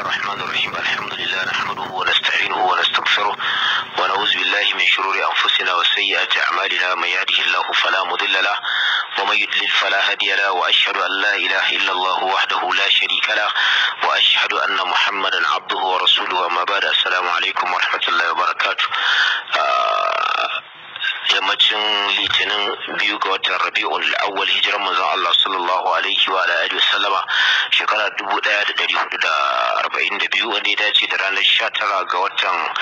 الله الرحمن الرحيم الحمد لله نحمده ونستعينه ونستغفره ونعوذ بالله من شرور أنفسنا وسيئات أعمالنا من يهده الله فلا مضل له ومن يضلل فلا هادي له وأشهد أن لا إله إلا الله وحده لا شريك له وأشهد أن محمدا عبده ورسوله أما بعد السلام عليكم ورحمة الله وبركاته yammacin litinin biyu ga watan rabi'ul awwal hijiran manzon Allah sallallahu alaihi wa alihi wasallama shekara 1400 da arba'in da biyu wanda ya dace da ranar sha tara ga watan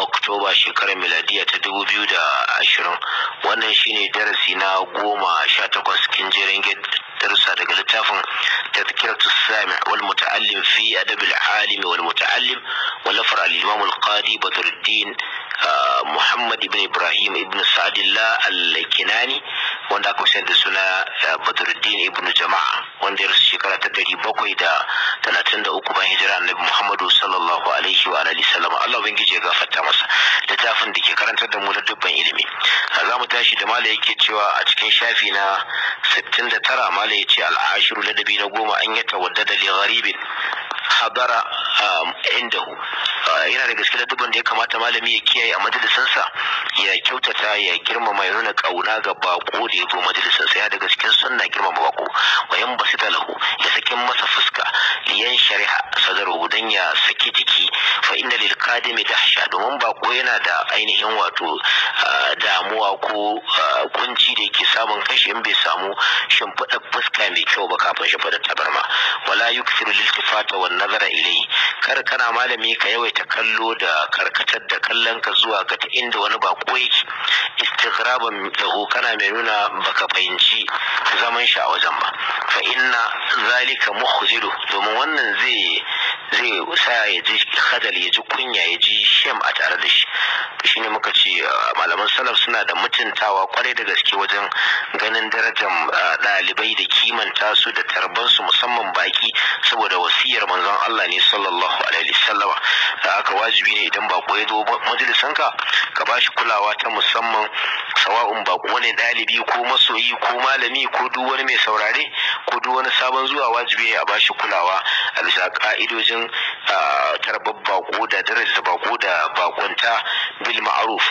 oktoba shekarar miladiya ta dubu biyu da ashirin wannan shine darasi na goma sha takwas kinjerin darussa daga littafin tazkiratu sami wal muta'allim fi adabil alimi wal muta'allim wallafar al-imam al-qadi badruddin Muhammad ibn Ibrahim ibn Sa'adillah al-Kinani wanda aka sani da suna Badruddin ibn Jama'a wanda ya rasu shekara ta ɗari bakwai da talatin da uku bayan hijira annabi Muhammadu sallallahu alaihi wa alihi sallam Allah ubangiji ya gafarta masa littafin da ke karantar da mu da dubban ilimi za mu tashi da mala yake cewa a cikin shafi na sittin da tara mala ya ce al'ashiru ladabi na goma an yi tawaddada li gharibin hadara Um, hu uh, yana da gaske dubban da ya kamata malami ya kiyaye a majalisansa ya kyautata ya girmama ya nuna kauna ga bako da ya zo majalisansa ya daga cikin sunna girmama bako wayan basita lahu ya sakin masa fuska liyan shari'a sadaru dan ya saki jiki fa inna lil qadimi dahsha domin bako yana da ainihin wato uh, damuwa ko uh, kunci da yake samun kashi in bai samu shimfiɗa fuska mai kyau ba kafin shimfiɗa tabarma wala yukthiru lil tifata wan nazara ilayhi kar kana malami ka yawaita kallo da karkatar da kallon ka zuwa ga ta inda wani bako yake istighraban lahu kana mai nuna baka fahimci zaman shi a wajen ba fa inna zalika mukhzilu domin wannan zai zai sa ya ji hadal ya ji kunya ya ji shem a tare da shi to shine muka ce uh, malaman salaf suna da mutuntawa kwarai da gaske wajen ganin darajar uh, ɗalibai da kimanta su da tarban su musamman baki saboda wasiyar manzon Allah ne sallallahu alaihi wasallama da aka wajibi ne idan ba ya zo majalisanka ka ba shi kulawa ta musamman sawa'un ba wani ɗalibi ko masoyi ko malami ko duk wani mai saurare ko duk wani sabon zuwa wajibi ne a bashi kulawa a bisa ka'idojin ah, tarbar bako da darajar bako da bakonta bil ma'aruf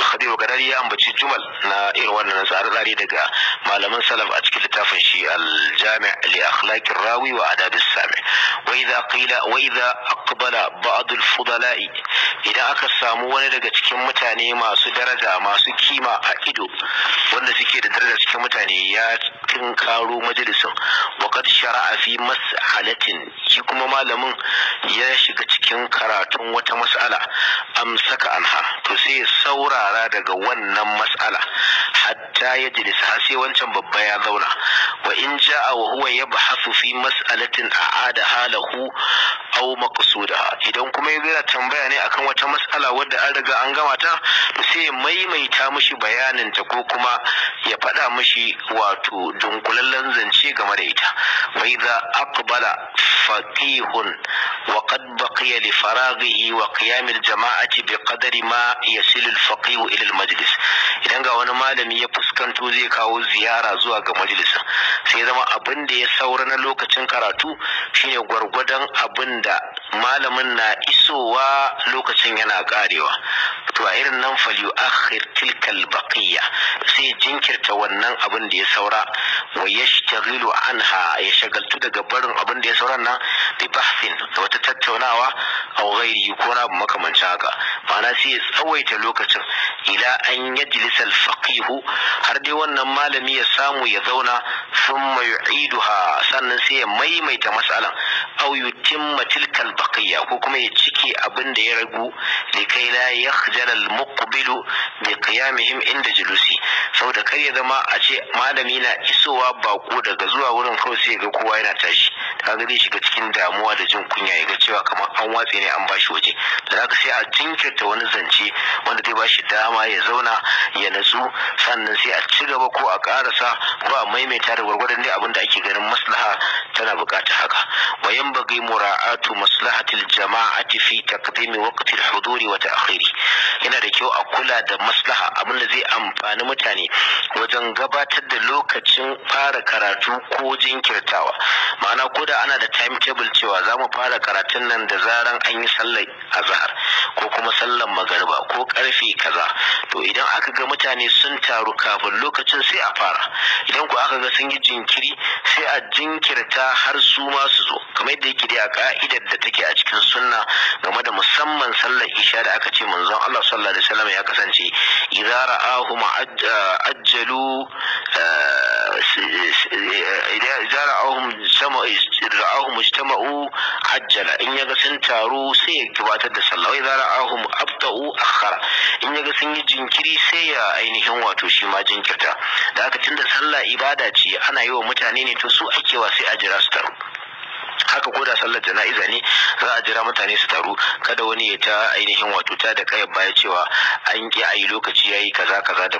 alkhadir gadari ya ambaci jumal na irin wannan tsare-tsare daga malaman salaf a cikin littafin shi al li akhlaqir rawi wa adab sami wa idha qila wa idha aqbala ba'd fudalai idan aka samu wani daga cikin mutane masu daraja masu kima a ido wanda suke da daraja cikin mutane ya tinkaro majalisin وقد شرع fi mas'alatin, shi kuma malamin ya shiga cikin karatun wata mas'ala amsaka anha to sai ya saurara daga wannan mas'ala hatta ya jilisa har sai wancan babba ya zauna wa in ja'a wa huwa yabhasu fi mas'alatin a'ada halahu aw maqsudaha idan kuma ya yana tambaya ne akan wata mas'ala wadda an riga an gama ta sai ya maimaita mishi bayanin ta ko kuma ya faɗa mishi wato dunkulallen zance game da ita Waiza idza aqbala faqihun wa qad baqiya li faraghihi wa qiyam al jama'ati bi qadari ma yasil al faqih ila majlis idan ga wani malami ya fuskanto zai kawo ziyara zuwa ga majalisin sai zama abin da ya saura na lokacin karatu shine gwargwadon abin da malamin na isowa lokacin yana karewa to a irin nan fal yu'akhir tilkal baqiya sai jinkirta wannan abin da ya saura wa yashtaghilu anha ya shagaltu daga barin abin da ya saura nan bi bahsin da wata tattaunawa aw ghairi ko na makamancin haka ma'ana sai ya tsawaita lokacin ila an yajlis al har dai wannan malami ya samu ya zauna thumma yu'iduha sannan sai ya maimaita masalan aw yutimma tilkal baqiya ko kuma ya ciki abin da ya ragu da kai la yakhjala al muqbilu bi qiyamihim inda julusi saboda kar ya zama a ce malami na isowa bako daga zuwa wurin kawai sai ga kowa yana tashi kaga zai shiga cikin damuwa da jin kunya ya ga cewa kamar an watse ne an bashi waje da zaka sai a tinkirta wani zance wanda zai bashi dama ya zauna ya natsu sannan sai a ci gaba ko a karasa ko a maimaita da gwargwadon dai abin da ake ganin maslaha tana bukata haka wayan bagai mura'atu maslaha maslahatil jama'ati fi taqdimi waqti al-huduri wa ta'khiri yana da kyau a kula da maslaha abin da zai amfani mutane wajen gabatar da lokacin fara karatu ko jinkirtawa ma'ana ko da ana da timetable cewa za mu fara karatun nan da zaran an yi sallar azhar ko kuma sallar magariba ko karfe kaza to idan aka ga mutane sun taru kafin lokacin sai a fara idan ku aka ga sun yi jinkiri sai a jinkirta har su ma su zo kamar yadda yake dai a ka'idar da take ke a cikin sunna game da musamman sallar isha da aka ce manzon Allah sallallahu alaihi wasallam ya kasance idza ra'ahu eh, ajjalu eh, idza ra'ahum ra'ahum mujtama'u ajjala in yaga sun taru sai ya gabatar da sallah idza ra'ahum abta'u akhara in yaga sun yi jinkiri sai ya ainihin wato shi ma jinkirta da aka tunda sallah ibada ce ana yi wa mutane ne to su wa sai a jira su taru haka ko da sallar jana'iza ne za a jira mutane su taru kada wani ya ta ainihin wato ta da kayan baya cewa an ki a yi lokaci ya yi kaza kaza da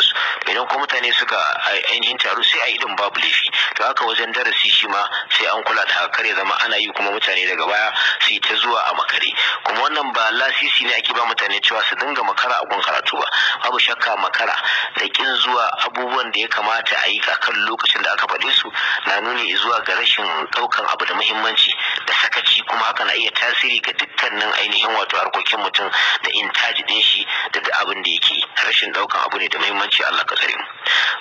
su idan kuma mutane suka ainihin taru sai a yi din babu laifi to haka wajen darasi shi ma sai an kula da haka ya zama ana yi kuma mutane daga baya su yi ta zuwa a makare kuma wannan ba lasisi ne ake ba mutane cewa su dinga makara a gun karatu ba babu shakka makara da kin zuwa abubuwan da ya kamata a yi a kan lokacin da aka faɗe su na nuni zuwa ga rashin ɗaukan abu da muhimmanci da sakaci kuma haka na iya tasiri ga dukkanin ainihin wato harkokin mutum da intaji din shi da abin da yake rashin daukan abu ne da muhimmanci Allah ka tsare mu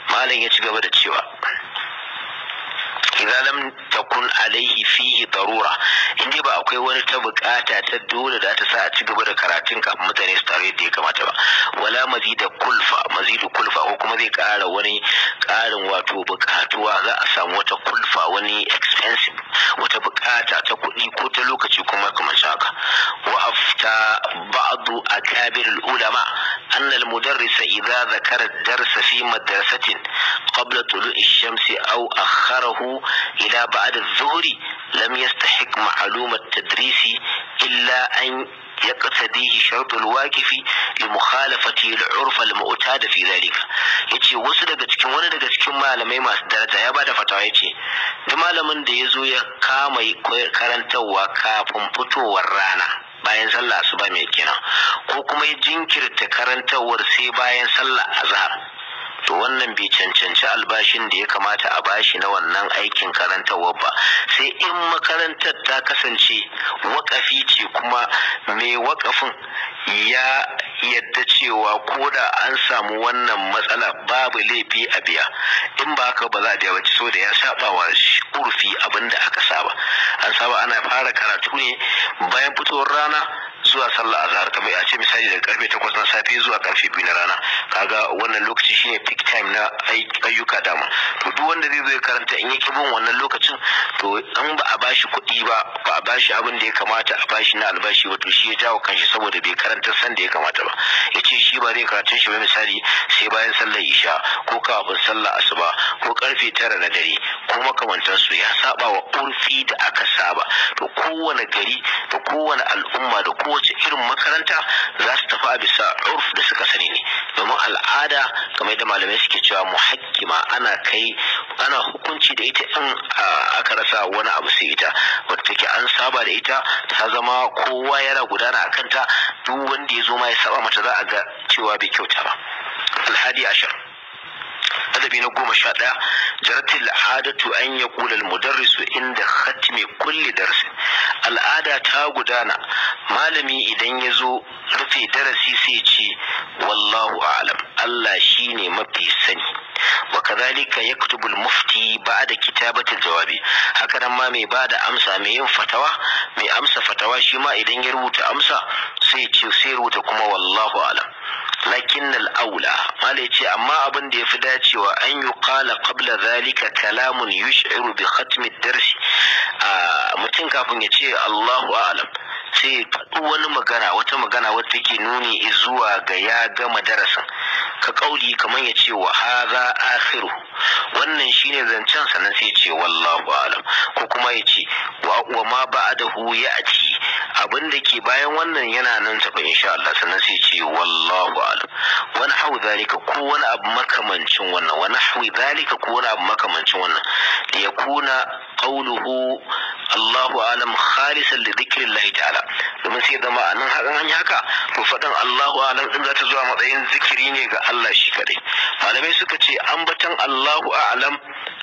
malam ya ci gaba da cewa idza lam takun alaihi fihi darura in ba akwai wani ta bukata ta dole da ta sa a ci gaba da karatun kafin mutane su tare da ya kamata ba wala mazida kulfa mazidu kulfa ko kuma zai kara wani karin wato bukatuwa za a samu wata kulfa wani expensive wata bukata ta kuɗi ko ta lokaci kuma kamar shaka? wa afta ba'du akabir ulama anna al mudarris idza dhakara ad fi madrasatin قبل طلوع الشمس أو أخره إلى بعد الظهر لم يستحق معلوم التدريس إلا أن يقتديه شرط الواقف لمخالفة العرف المعتاد في ذلك يتي وصل دتكم وانا دتكم ما لمي ما سدرجة يا بعد فتوى يتي دما لمن ديزو يقام كرنت وكاف فتو ورانا bayan sallah asuba mai kina ko kuma jinkirta karantawar sai bayan sallah azhar wannan bai cancanci albashin da ya kamata a bashi na wannan aikin karantarwa ba sai in makarantar ta kasance wakafi ce kuma mai wakafin ya yadda cewa ko da an samu wannan matsala babu laifi a biya in ba haka ba za a biya so da ya saba wa kurfi abin da aka saba an saba ana fara karatu ne bayan fitowar rana zuwa sallah azhar kamar ya ce misali daga karfe 8 na safe zuwa karfe 2 na rana kaga wannan lokaci shine peak time na ayyuka dama to duk wanda zai zo ya karanta in yake bin wannan lokacin to in ba a bashi kuɗi ba ba a bashi abin da ya kamata a bashi na albashi ba to shi ya jawo kanshi saboda bai karanta san da ya kamata ba ya ce shi ba zai karanta shi ba misali sai bayan sallar isha ko kafin sallar asuba ko karfe tara na dare ko su ya saba wa urfi da aka saba to kowane gari da kowane al'umma da kowace irin makaranta za su tafi a bisa urf da suka sani ne domin al'ada kamar yadda malamai suke cewa muhakkima ana kai ana hukunci da ita in aka rasa wani abu sai ita wadda take an saba da ita ta zama kowa yana gudana a kanta duk wanda ya zo ma ya saba mata za a ga cewa bai kyauta ba alhadi ashirin. lakabi na goma sha ɗaya jaratil adatu an ya kulal mudarrisu inda khatmi kulli darsin al'ada ta gudana malami idan ya zo rufe darasi sai ce wallahu a'lam Allah shine mafi sani wa kadhalika yaktubul mufti ba ba ta jawabi haka nan ma ba da amsa mai yin fatawa mai amsa fatawa shima idan ya rubuta amsa sai ce sai rubuta kuma wallahu a'lam lakin al'aula mala ya ce amma abin da ya fi dacewa an yi kala qabla zalika kalamun yush'iru bi khatmi darsi mutum kafin ya ce Allahu a'lam sai faɗi wani magana wata magana wata ke nuni zuwa ga ya gama darasin ka kauli kamar ya ce wa haza akhiru wannan shine zancen sannan sai ce wallahu alam ko kuma ya ce wa ma ba'dahu ya'ti abin da ke bayan wannan yana nan tafi insha Allah sannan sai ce wallahu alam wani hau zalika ko wani abu makamancin wannan wani hau zalika ko wani abu makamancin wannan da ya kuna qauluhu Allahu alam khalisan li dhikrillahi ta'ala domin sai zama a nan hakan an haka to faɗin Allahu alam din za ta zuwa matsayin zikiri ne ga Allah shi kadai malamai suka ce ambatan Allahu a'lam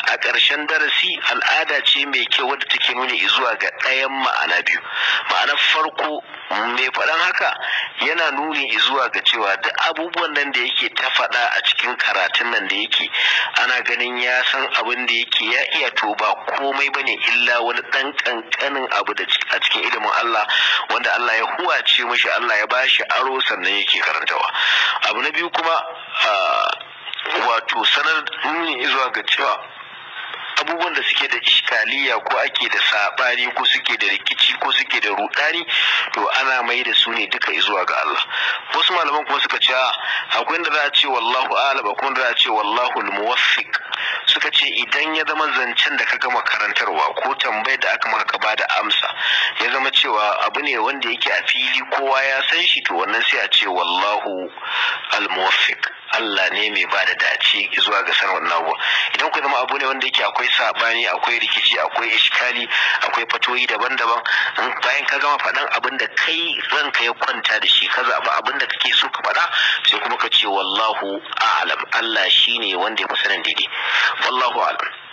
a ƙarshen darasi al'ada ce mai kyau wadda take nuni zuwa ga ɗayan ma'ana biyu ma'anar farko mai faɗan haka yana nuni zuwa ga cewa duk abubuwan nan da yake ta faɗa a cikin karatun nan da yake ana ganin ya san abin da yake ya iya to ba komai bane illa wani ɗan ƙanƙanin abu da a cikin ilimin Allah wanda Allah ya huwace mashi Allah ya bashi aro sannan yake karantawa abu na biyu kuma ah, wato sanar nuni zuwa ga cewa abubuwan da suke da iskaliya ko ake da sabari ko suke da rikici ko suke da rudani to ana mai da su ne duka zuwa ga Allah wasu malaman kuma suka ce akwai da za a ce wallahu alaba kuma da za a ce wallahu muwaffiq suka ce idan ya zama zancen da ka gama karantarwa ko tambayar da aka maka ba da amsa ya zama cewa abu ne wanda yake a fili kowa ya san shi to wannan sai a ce wallahu al-muwaffiq Allah ne mai ba da dace zuwa ga sanar wannan abu idan ku zama abu ne wanda yake akwai sabani akwai rikici akwai iskali akwai fatoyi daban-daban bayan ka gama faɗan abin da kai ranka ya kwanta da shi ka zaɓi abin da kake so ka faɗa sai kuma ka ce wallahu a'lam Allah shine wanda ya fi sanin daidai wallahu a'lam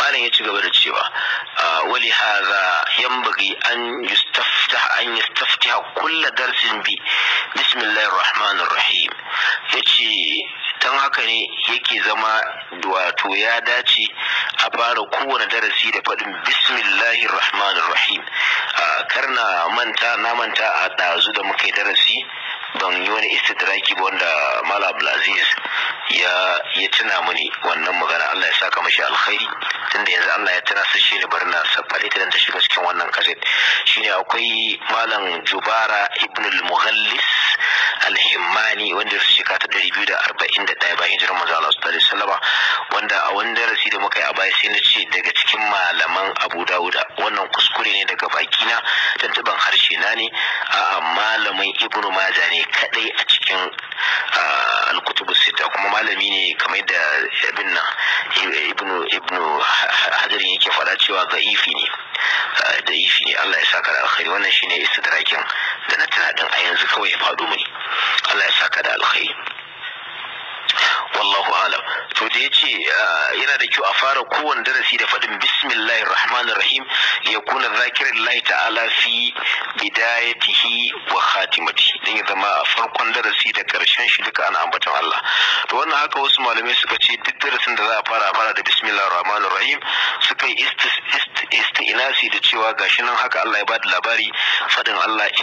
malam ya ci gaba da cewa ah, wali hadha yanbaghi an an yastaftiha kulla darsin bi bismillahir rahmanir rahim yace dan haka ne yake zama wato ya dace a fara kowane darasi da faɗin bismillahir rahmanir rahim ah, karna manta na manta a ɗazu da muka yi darasi ban yi wani istidraki ba wanda Malam abdulaziz ya ya tuna mini wannan magana Allah ya saka mashi alkhairi tunda yanzu Allah ya tuna su shine bari na safari ta ta shiga cikin wannan kaset shine akwai malam Jubara ibn al-Mughallis al-Himmani wanda ya shika ta 241 bayan hijirar manzo Allah sallallahu alaihi wanda a wani darasi da muka yi a baya sai na ce この麻雀に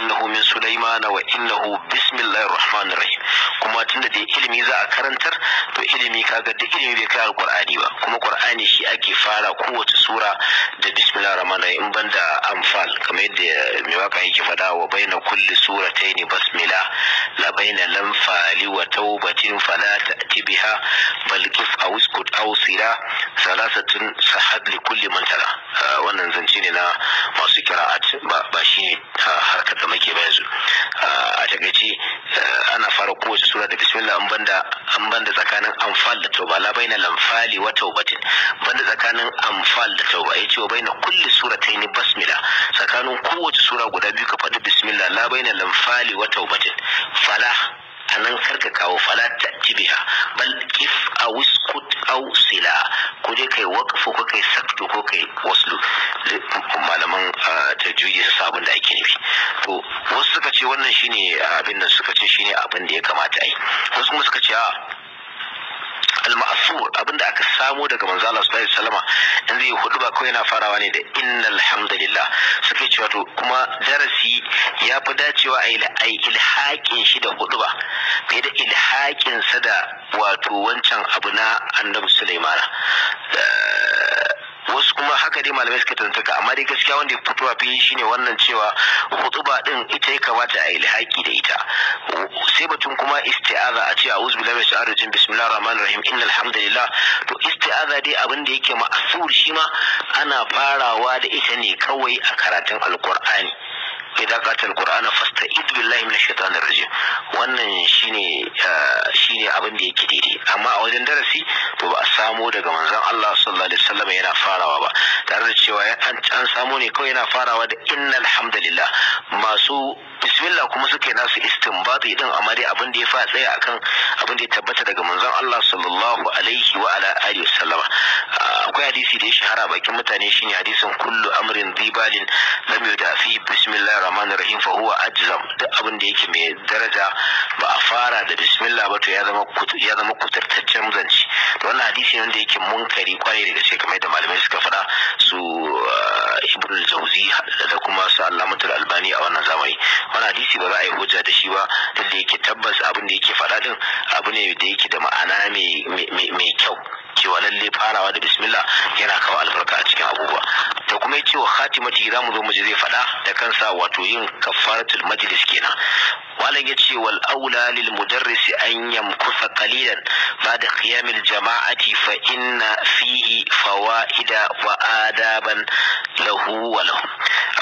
innahu min sulaiman wa innahu bismillahir rahmanir rahim kuma tunda da ilimi za a karantar to ilimi kaga duk ilimi bai kai alqur'ani ba kuma qur'ani shi ake fara kowace sura da bismillahir rahmanir rahim in banda amfal kamar yadda mai waka yake fada wa baina kulli surataini basmila la baina lamfali wa taubatin fala ta'ti biha bal kif aw aw sira salasatun sahad li kulli man tara ah, wannan zance ne na masu kira'at ba shine ah, harkar da ke ba yanzu ah, a takaice eh, ana fara kowace sura da bismillah an banda an banda tsakanin amfal da tauba la baina lamfali wa taubatin banda tsakanin amfal da tauba yace wa baina kulli ni basmila tsakanin kowace sura guda biyu ka faɗi bismillah la baina lamfali wa taubatin fala anan karka kawo fala ta biha bal kif a wiskut au sila ko dai kai waqfu ko kai sakto ko kai waslu malaman ah, tajwidi su sabon da ake nufi wannan shine eh, abin da suka ce shine abin da ya kamata ai wasu kuma suka ce a ah, al-ma'sur da aka samo daga manzo Allah sallallahu alaihi wasallama in zai hudu ba kawai yana farawa ne da innal hamdulillah suke cewa to kuma darasi ya fi dacewa a ilhaƙin shi da hudu ba fiye da ilhaƙin sa da wato wancan abu na annabi Sulaimana eh, su kuma haka dai malamai suka tuntuka amma dai gaskiya wanda ya fito a fili shine wannan cewa hutuba din ita ya kamata a yi lihaki da ita sai batun kuma isti'aza a ce a'udhu bilamai su shaitanir jin bismillahir rahman rahim inna alhamdulillah to isti'aza dai abin da yake ma'asur shi ma ana farawa da ita ne kawai a karatun alkur'ani idza qatal qur'ana fasta'id billahi minash shaitanir rajim wannan shine shine abin da yake daidai amma a wajen darasi to ba a samo daga manzon Allah sallallahu alaihi wasallam yana farawa ba tare da cewa an samo ne kawai yana farawa da innal hamdalillah masu bismillah kuma suka yi nasu istinbati din amma dai abin da ya fa tsaya akan abin da ya tabbata daga manzon Allah sallallahu alaihi wa ala alihi wasallama akwai hadisi da ya shahara bakin mutane shine hadisin kullu amrin dibalin lam yudafi bismillahir rahmanir rahim fa huwa ajzam duk abin da yake mai daraja ba a fara da bismillah ba to ya zama ya zama kutartaccen zanci wannan hadisi ne wanda yake munkari kwarai da gaske kamar da malamai suka faɗa su ibnul jauzi da kuma su allamatul albani a wannan zamani wani hadisi ba za a yi hujja da shi ba duk da yake tabbas abin da yake faɗa din abu ne da yake da ma'ana mai kyau cewa lalle farawa da bismillah yana kawo albarka a cikin abubuwa to kuma yace wa khatimati za mu zo mu ji zai fada da kansa wato yin kafaratul majlis kenan malam yace wal aula lil mudarris an yamkusa qalilan ba'da qiyamil jama'ati fa inna fihi fawaida wa adaban lahu wa lahu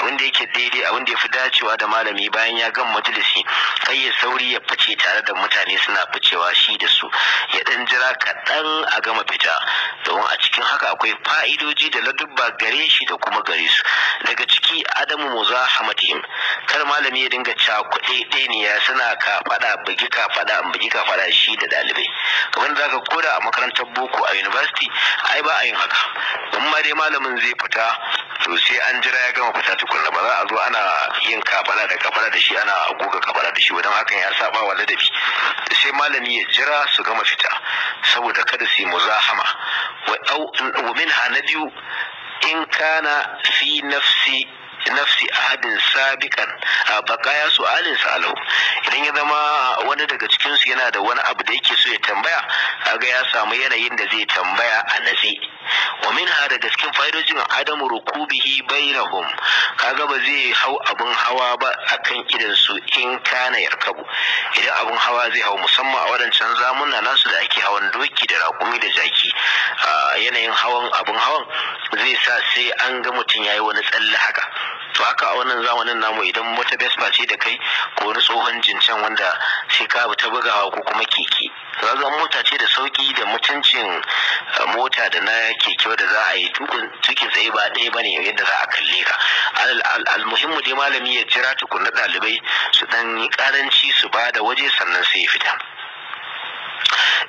abin da yake daidai abin da ya fi dacewa da malami bayan ya gama majalisi sai ya sauri ya fice tare da mutane suna ficewa shi da su ya dan jira kaɗan a gama fita don a cikin haka akwai fa'idoji da ladubba gare shi da kuma gare su daga ciki adamu hamatim kar malami ya dinga cakuɗe ɗaya suna ka faɗa bugi ka faɗa bugi ka faɗa shi da ɗalibai kamar da zaka koda a makarantar boko a university ai ba a yin haka in dai malamin zai fita to sai an jira ya gama fita tukunna ba za a zo ana yin kabala da kafala da shi ana goga kabala da shi wadan hakan ya saba wa ladabi sai malami ya jira su gama fita saboda kada su yi muzahama wa min na biyu in kana fi nafsi nafsi ahadin sabiqan baqaya su'alin sa'alau idan ya zama wani daga cikin su yana da wani abu da yake so ya tambaya kaga ya samu yanayin da zai tambaya a natse wa minha daga cikin fa'idojin adamu rukubihi bainahum kaga ba zai hau abun hawa ba akan idan su in kana yarkabu idan abun hawa zai hau musamman a wadancan zamunan nasu da ake hawan doki da rakumi da jaki yanayin hawan abun hawan zai sa sai an ga mutum ya yi wani tsalle haka to haka a wannan zamanin namu idan wata vespa ce da kai ko wani tsohon jincan wanda sai ka ta bugawa ko kuma keke zazan mota ce da sauki da mutuncin mota da na keke da za a yi tukin tsaye ba ɗaya ba ne yadda za a kalle ka almuhimmu dai malami ya jira tukun na ɗalibai su ɗan yi ƙaranci su ba da waje sannan sai ya fita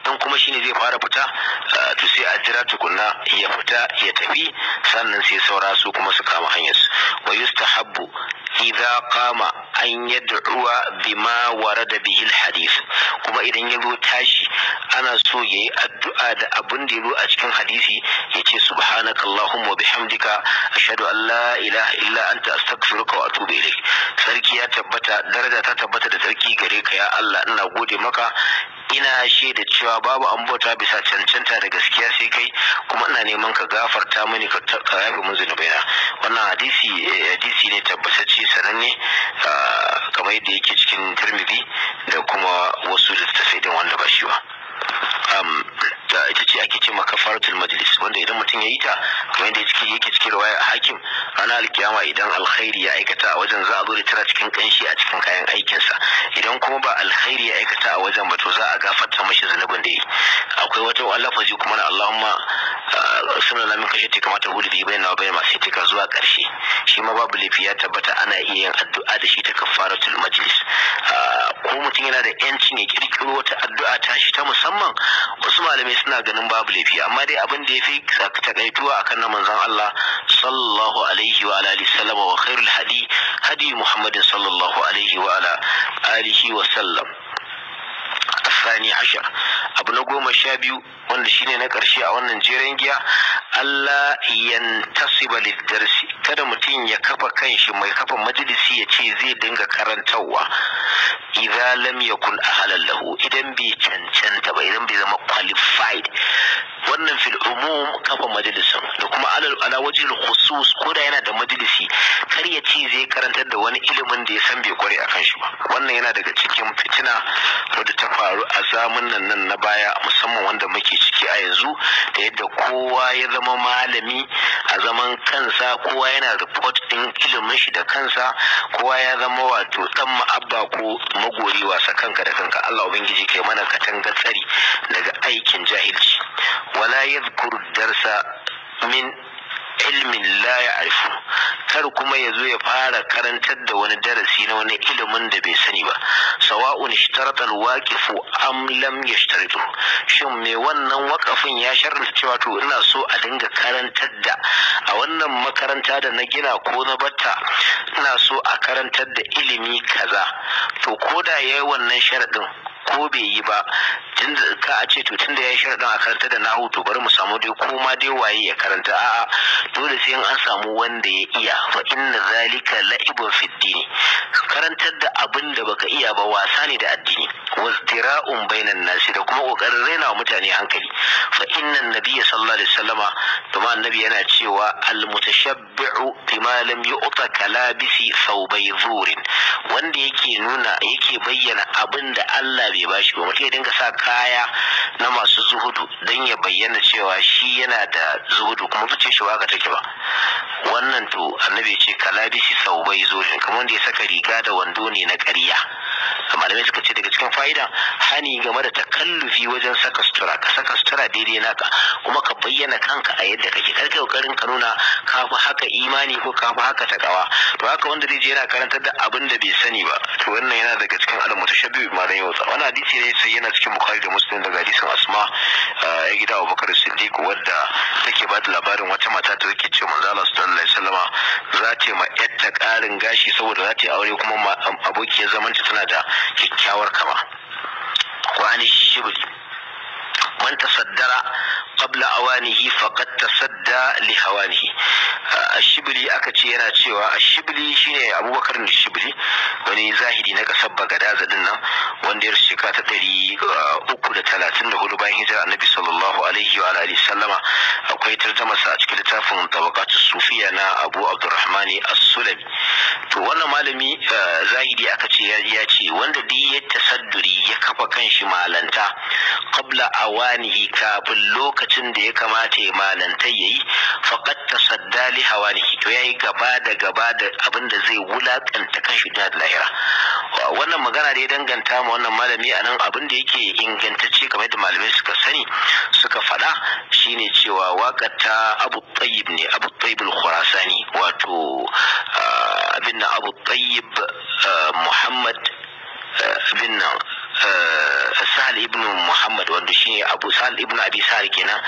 Idan kuma shine zai fara fita eh, to sai a jira tukunna ya fita ya tafi sannan sai saura su kuma su kama hanyar su wa yustahabbu idza qama an yad'uwa bima warada bihi alhadith kuma idan ya zo tashi ana so yayi addu'a da abin da ya a cikin hadisi yace subhanakallahumma bihamdika ashhadu an la ilaha illa anta astaghfiruka wa atubu ilayk sarki ya tabbata daraja ta tabbata da sarki gare ka ya Allah ina gode maka ina shaida cewa babu an bauta bisa cancanta da gaskiya sai kai kuma ina neman ka gafarta mini ka yafe mun zunubaina wannan hadisi eh, hadisi ne tabbatacce sananne ah, kamar yadda yake cikin tirmidhi da kuma wasu littattafai din wanda ba shi ba ita ce ake ce makafaratul majlis wanda idan mutum ya yi ta kuma yadda yake yake cikin riwaya hakim ana alkiyama idan alkhairi ya aikata a wajen za a zo da tana cikin kanshi a cikin kayan aikinsa idan kuma ba alkhairi ya aikata a wajen ba to za a gafarta mashi zanubin da yi akwai wata wallafaji kuma na Allahumma ah, suna na kashe ta kamata hudu bai na bai masu tika zuwa karshe shi ma babu laifi ya tabbata ana iya yin addu'a da shi ta kafaratul majlis ah, ko mutum yana da yancin ya kirkiro wata addu'a ta shi ta musamman wasu malamai suna ganin babu laifi amma dai abin da yafi takaituwa akan na manzon Allah sallallahu alaihi wa alihi sallama wa khairul hadi hadi Muhammadin sallallahu alaihi wa ala alihi wa sallam الثاني عشر abu na goma sha biyu wanda shine na ƙarshe a wannan jeren giya Allah yantasiba lidarsi kada mutum ya kafa kanshi mai kafa majalisi ya ce zai dinga karantarwa Idan lam yakun a lahu idan bai cancanta ba idan bai zama qualified wannan fil umum kafa majalisin da kuma ala wajhil khusus ko da yana da majalisi kar ya ce zai karantar da wani ilimin da ya san bai kware akan shi ba wannan yana daga cikin fitina wadda ta faru a zamanin nan na baya musamman wanda muke ciki a yanzu da yadda kowa ya zama malami a zaman kansa kowa yana report din ilimin shi da kansa kowa ya zama wato dan ma'abba ko magori wasa kanka da kanka Allah ubangiji kai mana katanga tsari daga aikin jahilci wala yadhkuru darsa min ilmin la ya kar kuma ya zo ya fara karantar da wani darasi na wani ilimin da bai sani ba sawa'un ishtarata alwaqifu am lam yashtaritu shin me wannan wakafin ya sharanta cewa to ina so a dinga karantar da a wannan makaranta da na gina ko na batta ina so a karantar da ilimi kaza to koda yayi wannan sharadin ko bai yi ba tun ka a ce to tun da ya sharaɗin a karanta da nahu to bari mu samu dai ko dai waye ya karanta a'a dole sai an samu wanda ya iya fa inna zalika la'ibun fiddini karantar da abin da baka iya ba wasa ne da addini wazdira'un bainan nasi da kuma kokarin raina wa mutane hankali fa inna nabiyya sallallahu alaihi wasallama annabi yana cewa al mutashabbi'u bima lam yu'ta kalabisi thawbay wanda yake nuna yake bayyana abin da Allah bai bashi ba mutum ya dinga sa kaya na masu zuhudu don ya bayyana cewa shi yana da zuhudu kuma zuciyar shi ba take ba wannan to annabi ce kalabisi sau bai zo kamar da ya saka riga da wando ne na ƙarya malamai suka ce daga cikin fa'ida hani game da takallufi wajen saka sutura ka saka sutura daidai naka kuma ka bayyana kanka a yadda kake kar ka kokarin ka nuna ka fi haka imani ko ka fi haka takawa to haka wanda zai je yana karantar da abin da bai sani ba to wannan yana daga cikin alamu ta shabbi malam yau wannan hadisi ne sai yana cikin bukhari da muslim daga hadisin asma eh, ya gida abubakar siddiq wadda take ba da labarin wata mata ta yake ce manzo Allah sallallahu alaihi wasallama za ta ma yatta karin gashi saboda za ta aure kuma abokiyar zamanta tana da kyakkyawar kama wa kabla shibli man tasaddara qabla awanihi faqad tasadda li hawanihi aka ce yana cewa ashibli shine abubakar shibli wani zahidi na kasar bagadaza din nan wanda ya shika ta ɗari uh, uku da talatin da hudu bayan hijira annabi sallallahu alaihi wa alihi sallama akwai tarjamasa a cikin littafin tabakatu sufiya na abu abdurrahmani as-sulami to wannan malami uh, zahidi aka ce ya ce wanda duk ya tasadduri ya kafa kanshi malanta qabla awanihi kafin lokacin da ya kamata ya malanta yayi faqad tasadda li hawanihi to yayi gaba da gaba da abin da zai wulakanta kanshi da lahira wannan magana da ya danganta ma wannan malami anan abin da yake ingantacce kamar yadda malamai suka sani suka faɗa shine cewa waƙar ta abu tsayib ne abu tayyib khurasani wato ah, abin abu tsayib ah, muhammad abin nan eh, sahal ibn muhammad wanda shine abu sahal ibn abi sahal kenan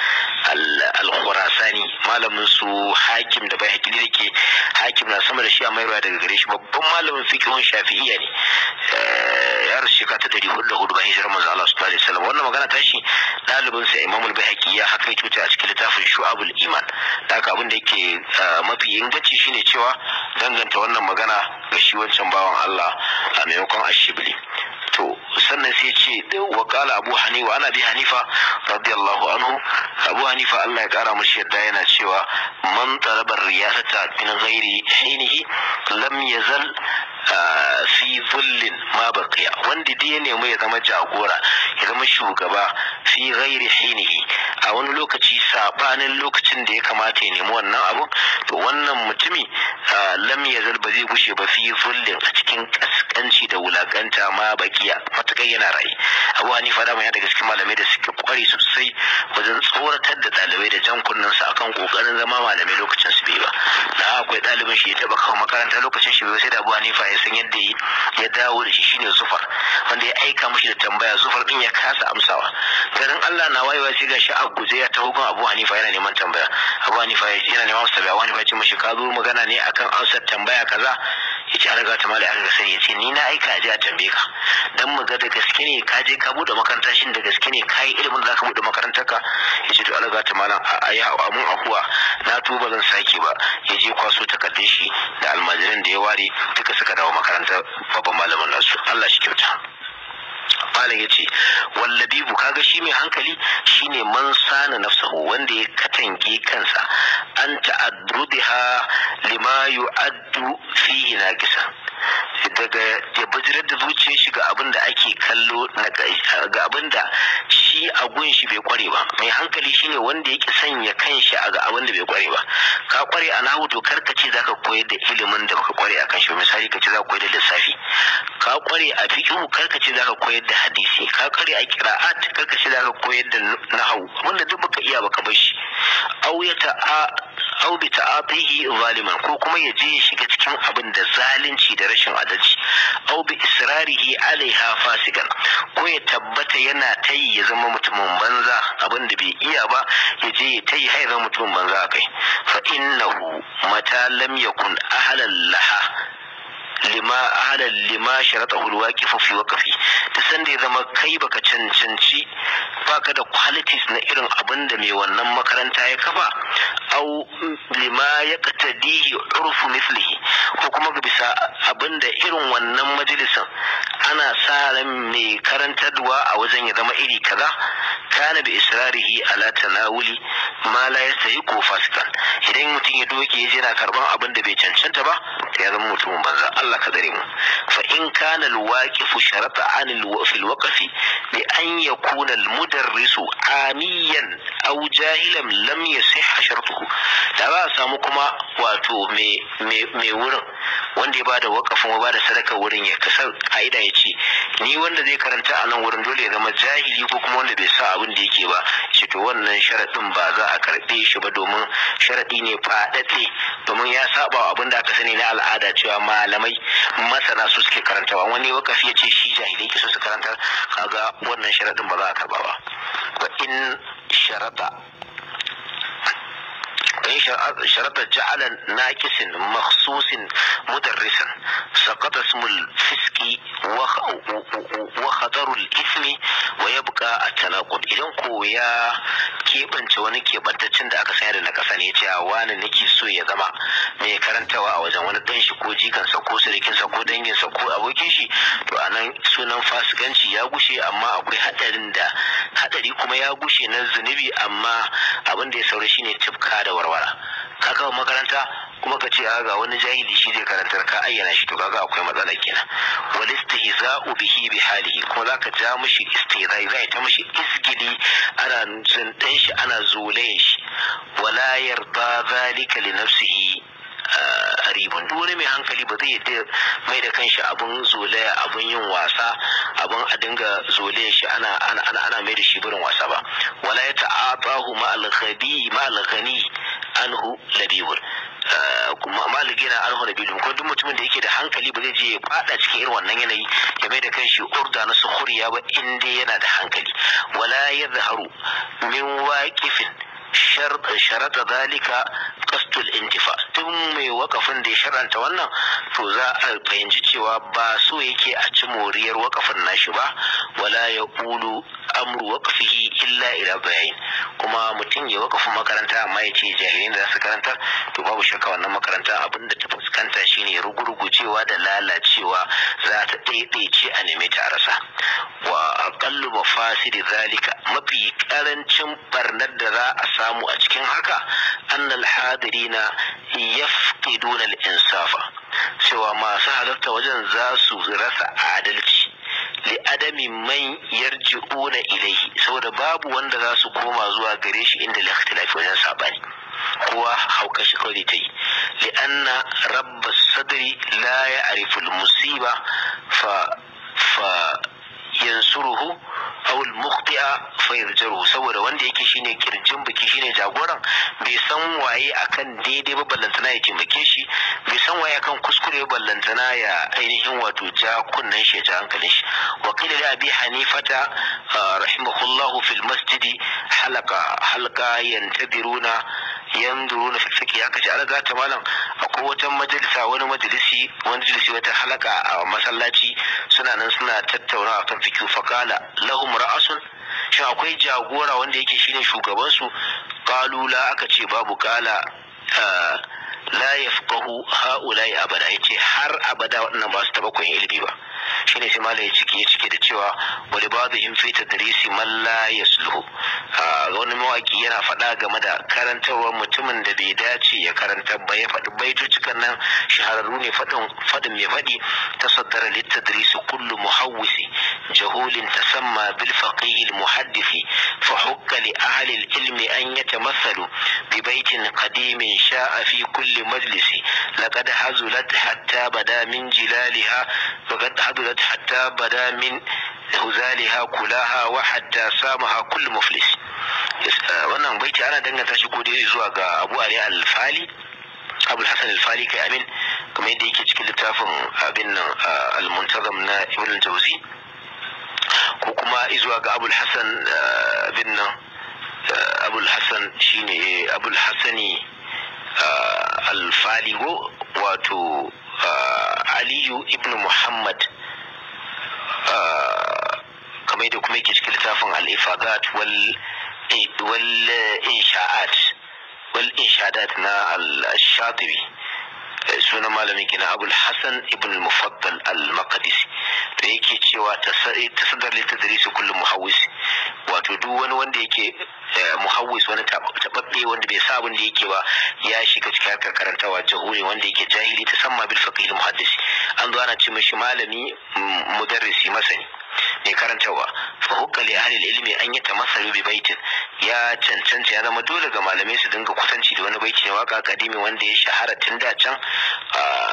al-khurasani malamin su hakim da bai hakili yake hakim na sama da shi a mairuwa daga gare shi babban malamin fikihun shafi'iyya ne eh, ya rasu shekara ta dari hudu da hudu bayan hijirar manzo Allah sallallahu alaihi wasallam wannan magana tashi dalibin sa Imam al-Baihaqi ya haka ta a cikin littafin Shu'abul Iman da haka abin da yake eh, mafi inganci shine cewa danganta wannan magana ga shi wancan bawan Allah a maimakon ashibli to sannan sai ce wa kala abu hanifa ana bi hanifa radiyallahu anhu abu hanifa Allah ya kara mashi yadda yana cewa man talabar riyasata min ghairi hinihi lam yazal fi zullin ma baqiya wanda dai ya nemi ya zama jagora ya zama shugaba fi ghairi hinihi a wani lokaci sabanin lokacin da ya kamata ya nemi wannan abun to wannan mutumi lam yazal ba zai gushe ba fi zullin a cikin ƙasa kaskanci da wulakanta ma bakiya matakai yana rayu abu hanifa fada ya daga cikin malamai da suke kwari sosai wajen tsoratar da ɗalibai da jan kunnen su akan kokarin zama malamai lokacin su bai ba na akwai ɗalibin shi ya taɓa kawo makaranta lokacin shi bai sai da abu fa ya san yadda ya dawo da shi shine zufar wanda ya aika mishi da tambaya zufar din ya kasa amsawa garin Allah na wayewa sai gashi a guje ya taho kan abu fa yana neman tambaya abu fa yana neman masa tambaya abu hanifa ya ce mishi ka zo magana ne akan amsar tambaya kaza yace an riga ta mali an ga sani yace ni na aika aje a tambaye ka dan mu ga da gaske ne ka je ka bude makaranta shin da gaske ne kai ilimin da zaka bude makarantar ka yace to an riga ta mala a ya mun akuwa na tuba zan sake ba ya je kwaso takardun shi da almajiran da ya ware duka suka dawo makarantar babban malamin nasu Allah shi kyauta malam ya ce wallabibu kaga shi mai hankali shine man sana nafsahu wanda ya katange kansa an ta'addudiha lima yu'addu fihi naqisan daga ya bajirar da zuciyar shi ga abin da ake kallo ga abin da shi a gun shi bai kware ba mai hankali shine wanda yake sanya kanshi a ga abin da bai kware ba ka kware a nahu to kar ka ce zaka koyar da ilimin da baka kware a kan shi misali ka ce zaka koyar da lissafi ka kware a fiqhu kar ka ce zaka koyar da hadisi ka kware a qira'at kar ka ce zaka koyar da nahwu wanda duk baka iya baka bar shi auyata a au bi ta'atihi zaliman ko kuma ya je ya shiga cikin abin da zalunci da rashin adalci au bi israrihi alaiha fasikan ko ya tabbata yana ta yi ya zama mutumin banza abin da bai iya ba ya je ya ta yi zama mutumin banza kai fa innahu mata lam yakun ahlan laha lima ahalan lima sharatahu alwaqifu fi waqfi duk sanda ya zama kai baka cancanci baka da qualities na irin abin da mai wannan makaranta ya kafa au lima yaqtadihi urfu mislihi ko kuma bisa abin da irin wannan majalisan ana sa ran mai karantarwa a wajen ya zama iri kaza kana bi israrihi ala tanawuli ma la ko fasikan idan mutum ya doke yana karban abin da bai cancanta ba ya zama mutumin banza الله كدريم فإن كان الواقف شرط عن في الوقف بأن يكون المدرس عاميا أو جاهلا لم يصح شرطه دابا سامو واتو مي مي مي wanda ya bada wakafin bada sadaka wurin ya kasar ka'ida ya ce ni wanda zai karanta a nan wurin dole ya zama jahili ko kuma wanda bai sa abin da yake ba shi to wannan sharaɗin ba za a karɓe shi ba domin sharaɗi ne faɗaɗe domin ya saba abin da aka sani na al'ada cewa malamai masana su suke karantawa wani wakafi ya ce shi jahilai ke so su karanta kaga wannan sharaɗin ba za a karɓa ba in sharaɗa فإن شرط جعل ناكس مخصوص مدرسا سقط اسم الفسق وخطر الإثم ويبقى التناقض إذن كويا keɓance wani keɓantaccen da aka sayar da na ƙasa ne cewa wani nake so ya zama mai karantawa a wajen wani ɗan shi ko jikansa ko surikinsa ko danginsa ko abokin shi to a nan sunan fasikanci ya gushe amma akwai haɗarin da haɗari kuma ya gushe na zunubi amma abin da ya saura shine tifka da warwara ka kawo makaranta kuma ka ce ga wani jahili shi zai karantar ka ayyana shi to kaga akwai matsala kenan wal istihza'u bihi bi halihi kuma zaka ja mishi istihza'i zai ta mishi isgili ana zindan shi ana zolayin shi wala yarda zalika li nafsihi ribun duk wani mai hankali ba zai da mai da kanshi abin zolaya abun yin wasa abun a dinga zolayen shi ana mai da shi birin wasa ba wala ya ta'a ma al-ghani anhu nabiyun eh, kuma malik yana anhu nabiyun kuma duk mutumin da yake da hankali ba zai je ya fada cikin irin wannan yanayi ya mai da kanshi urda na sukhuriya ba in dai yana da hankali wala yadhharu min waqifin sharata zalika kastul intifa Tun mai wakafin da ya sharanta wannan to za a fahimci cewa ba so yake a ci moriyar wakafin nashi ba wala ya ulu amru waqfihi illa ila bayanin kuma mutum ya wakafi makaranta amma ya ce jahilin da za su karanta, to babu shakka wannan makaranta abin da ta fuskanta shine rugurgujewa da lalacewa za ta ɗaiɗaice a neme ta rasa wa aqallu mafasidi zalika mafi karancin barnar da za a samu a cikin haka annal hadirina yafqiduna al-insafa cewa masu halarta wajen za su rasa adalci li adami man yarji'una ilaihi saboda babu wanda za su koma zuwa gare shi inda la ikhtilafi wajen sabani kowa hauka shi kawai ta yi li anna rabba sadri la ya'rifu al musiba fa fa yansuruhu awul muqti'a fa yarjaru saboda wanda yake shine kirjin biki shine jagoran bai san waye akan daidai ba ballantana ya taimake shi bai san waye akan kuskure ba ballantana ya ainihin wato ja kunnan shi ja hankalin shi wa qila li abi hanifata ah, rahimahullahu fil masjid halaka halqa yantadiruna yanzuruna fi aka ce alga ta malam akwai wata majalisa wani majalisi wani majalisi wata halaka a masallaci suna nan suna tattauna akan fikihu fakala lahum ra'asun shin akwai jagora wanda yake shine shugabansu? su aka ce babu kala ah, la yafqahu haula'i abada yace har abada waɗannan ba su taɓa koyon ilimi ba shine sai malai ya cike ya cike da cewa wani babu in fi tadrisi man la yasluhu wani mawaki yana faɗa game da karantarwar mutumin da bai dace ya karanta ba ya faɗi baitucikan nan shahararru ne faɗin mai faɗi tasaddara littadrisi kullu muhawwisi jahulin tasamma bil faqih al muhaddisi fa hukka li ahli al ilmi an yatamathalu bi baitin qadimin sha'a fi kulli majlisi laqad hazulat hatta bada min jilaliha laqad فضلت حتى بدا من هزالها كلها وحتى سامها كل مفلس wannan baiti ana danganta shi ko dai zuwa ga Abu Ali Al-Fali Abu Hassan Al-Fali kai amin kamar yadda yake cikin littafin abin nan ah, Al-Muntazam na Ibn Jawzi ko kuma zuwa ga Abu Hassan ah, bin nan ah, Abu Hassan shine eh, wato Aliyu ibn Muhammad kamar da kuma yake cikin littafin al-ifadat wal eh, wal eh, insha'at wal inshadat na al-shatibi eh, sunan malamin kina abul hasan ibn mufaddal al-maqdisi da yake cewa tasaddar li tadris kullu muhawwis wato duk wani wanda yake muhawwis wani tababbe wanda bai sa abin da yake ba ya shiga cikin harkar karantawa jahuri wanda yake jahili ta samma bil faqih al-muhaddis an zo ana ce mishi malami mm, mudarrisi masani mai karantarwa fa hukka li ahli ilmi an yatamassalu bi baitin ya cancanta ya zama dole ga malamai su dinga kusanci da wani baiti na waka kadimi wanda ya shahara tun da can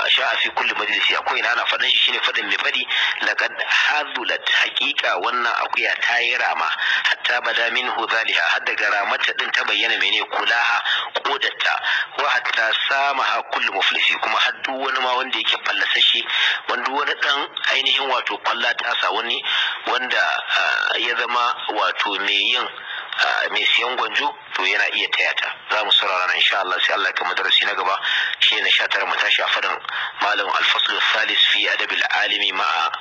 sha'a fi kulli majlisi akwai na ana faɗin shi shine faɗin mai faɗi laqad hazulat haqiqa wannan akuya ta yi rama hatta bada minhu zaliha har daga ramata din ta bayyana mene kulaha kodatta wa hatta ha kullu muflisi kuma har duk wani ma wanda yake fallasasshe, wanda wani dan ainihin wato kwalla ta sa wani wanda ya zama wato mai yin mai siyan gwanjo to yana iya taya ta za mu saurara na insha Allah sai Allah ya kama darasi na gaba shi na sha tara mu tashi a fadan malam al-fasl thalis fi adab al-alimi ma'a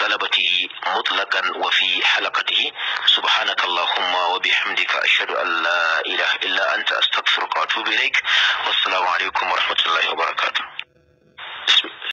talabatihi mutlaqan wa fi halaqatihi subhanaka allahumma wa bihamdika ashhadu an la ilaha illa anta astaghfiruka wa atubu ilaik wassalamu alaikum wa rahmatullahi wa